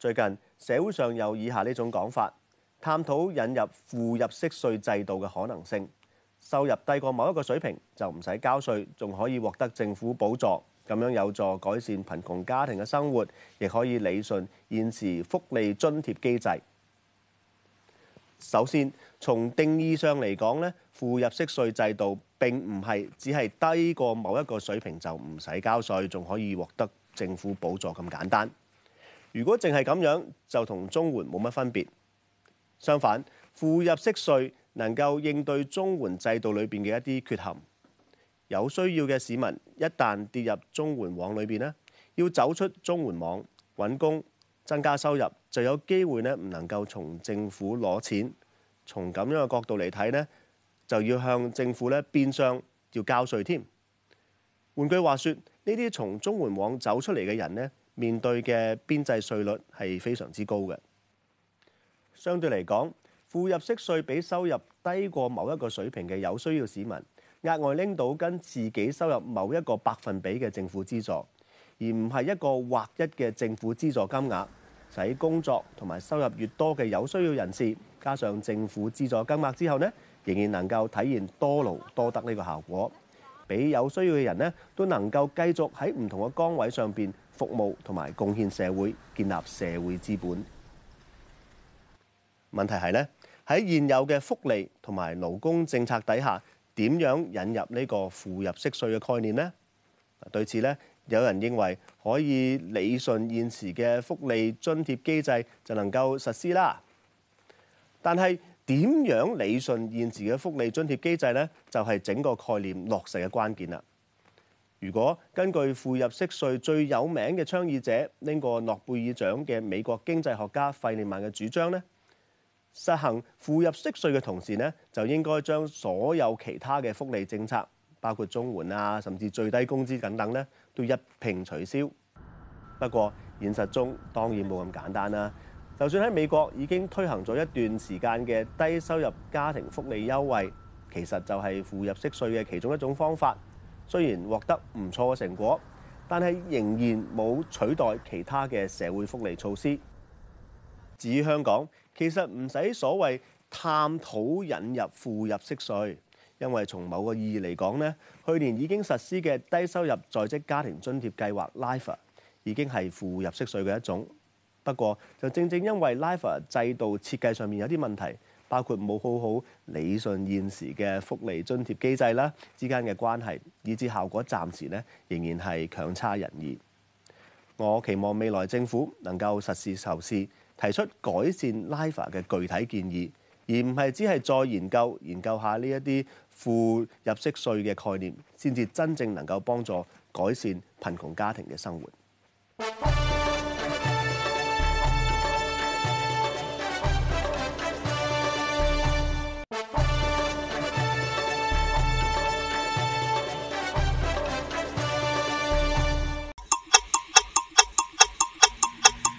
最近社會上有以下呢種講法，探討引入負入息稅制度嘅可能性。收入低過某一個水平就唔使交稅，仲可以獲得政府補助，咁樣有助改善貧窮家庭嘅生活，亦可以理順現時福利津貼機制。首先，從定義上嚟講呢，負入息稅制度並唔係只係低過某一個水平就唔使交稅，仲可以獲得政府補助咁簡單。如果淨係咁樣，就同綜援冇乜分別。相反，負入息稅能夠應對綜援制度裏邊嘅一啲缺陷。有需要嘅市民一旦跌入綜援網裏邊咧，要走出綜援網揾工增加收入，就有機會咧唔能夠從政府攞錢。從咁樣嘅角度嚟睇咧，就要向政府咧變相要交稅添。換句話說，呢啲從綜援網走出嚟嘅人咧。面對嘅邊際稅率係非常之高嘅。相對嚟講，負入息稅比收入低過某一個水平嘅有需要市民，額外拎到跟自己收入某一個百分比嘅政府資助，而唔係一個劃一嘅政府資助金額。使、就是、工作同埋收入越多嘅有需要人士，加上政府資助金額之後呢，呢仍然能夠體現多勞多得呢個效果，俾有需要嘅人呢都能夠繼續喺唔同嘅崗位上邊。服務同埋貢獻社會，建立社會資本。問題係咧，喺現有嘅福利同埋勞工政策底下，點樣引入呢個負入息稅嘅概念咧？對此咧，有人認為可以理順現時嘅福利津貼機制，就能夠實施啦。但係點樣理順現時嘅福利津貼機制咧，就係整個概念落實嘅關鍵啦。如果根據負入息稅最有名嘅倡議者拎過諾貝爾獎嘅美國經濟學家費列曼嘅主張呢，實行負入息稅嘅同時呢，就應該將所有其他嘅福利政策，包括綜援啊，甚至最低工資等等呢，都一並取消。不過現實中當然冇咁簡單啦。就算喺美國已經推行咗一段時間嘅低收入家庭福利優惠，其實就係負入息稅嘅其中一種方法。雖然獲得唔錯嘅成果，但係仍然冇取代其他嘅社會福利措施。至於香港，其實唔使所謂探討引入負入息稅，因為從某個意義嚟講呢，去年已經實施嘅低收入在職家庭津貼計劃 LIFA 已經係負入息稅嘅一種。不過就正正因為 LIFA 制度設計上面有啲問題。包括冇好好理順現時嘅福利津貼機制啦，之間嘅關係，以至效果暫時咧仍然係強差人意。我期望未來政府能夠實事求是提出改善立法嘅具體建議，而唔係只係再研究研究下呢一啲負入息稅嘅概念，先至真正能夠幫助改善貧窮家庭嘅生活。